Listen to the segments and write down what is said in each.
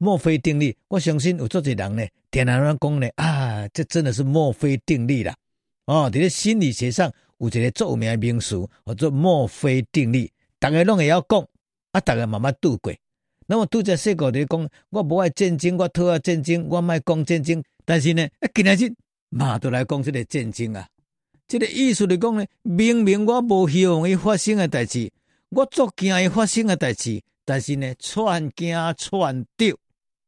墨菲定律，我相信有足濟人呢，聽安尼講呢。啊，這真的是墨菲定律啦。哦，佇咧心理學上有一個著名嘅名詞，叫做墨菲定律。大家攏會曉講，啊，大家慢慢度過。那麼，拄在細個佇講，我無愛戰爭，我討厭戰爭，我唔愛講戰爭。但是呢，啊，今仔日嘛都來講即個戰爭啊。即、這個意思嚟講呢，明明我無希望伊發生嘅代誌，我足驚伊發生嘅代誌，但是呢，串驚串丟。串串串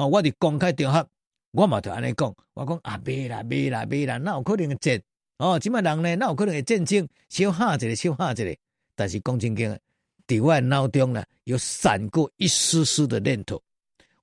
哦、我佇公開場合，我嘛就安尼講，我講啊，未啦，未啦，未啦，哪有可能會戰？哦，即啊人呢，哪有可能會戰爭？小下一個，小下一個。但是講真經啊，佇我腦中呢，有閃過一絲絲的念頭，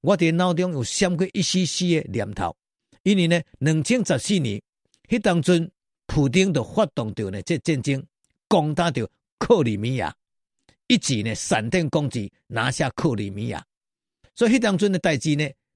我佇腦中有閃過一絲絲嘅念頭，因為呢，兩千十四年，迄當陣普京就發動着呢，即、這個、戰爭，攻打着克里米亞，一舉呢閃電攻擊拿下克里米亞，所以迄當中嘅代志呢？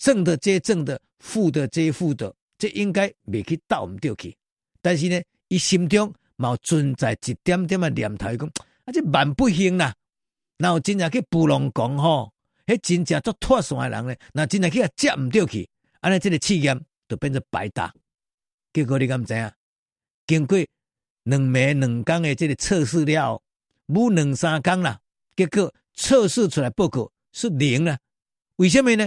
正的接正的，負的接負的，這應該未去鬥毋到去。但是呢，伊心中嘛存在一點點的念頭，講啊，這萬不幸啦。有真的哦、那真正去布龍講吼，迄真正作脱綫嘅人呢，那真正去啊接毋到去，安尼即個試驗就變做白打。結果你敢知影經過兩暝兩工嘅這個測試了，冇兩三工啦。結果測試出來報告是零啦。為什麼呢？